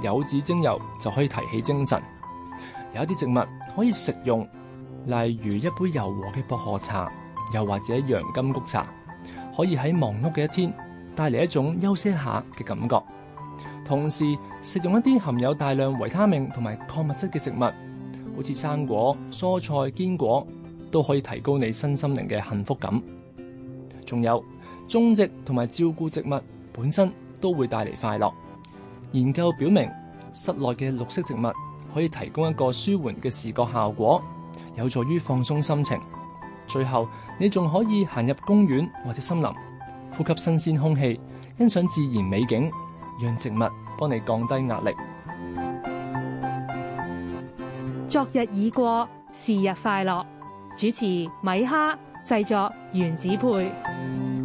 有柚子精油就可以提起精神，有一啲植物可以食用，例如一杯柔和嘅薄荷茶，又或者洋甘菊茶，可以喺忙碌嘅一天帶嚟一種休息下嘅感覺。同時食用一啲含有大量維他命同埋礦物質嘅植物，好似生果、蔬菜、堅果，都可以提高你身心靈嘅幸福感。仲有種植同埋照顧植物本身都會帶嚟快樂。研究表明，室內嘅綠色植物可以提供一個舒緩嘅視覺效果，有助於放鬆心情。最後，你仲可以行入公園或者森林，呼吸新鮮空氣，欣賞自然美景，讓植物幫你降低壓力。昨日已過，是日快樂。主持米哈，製作原子配。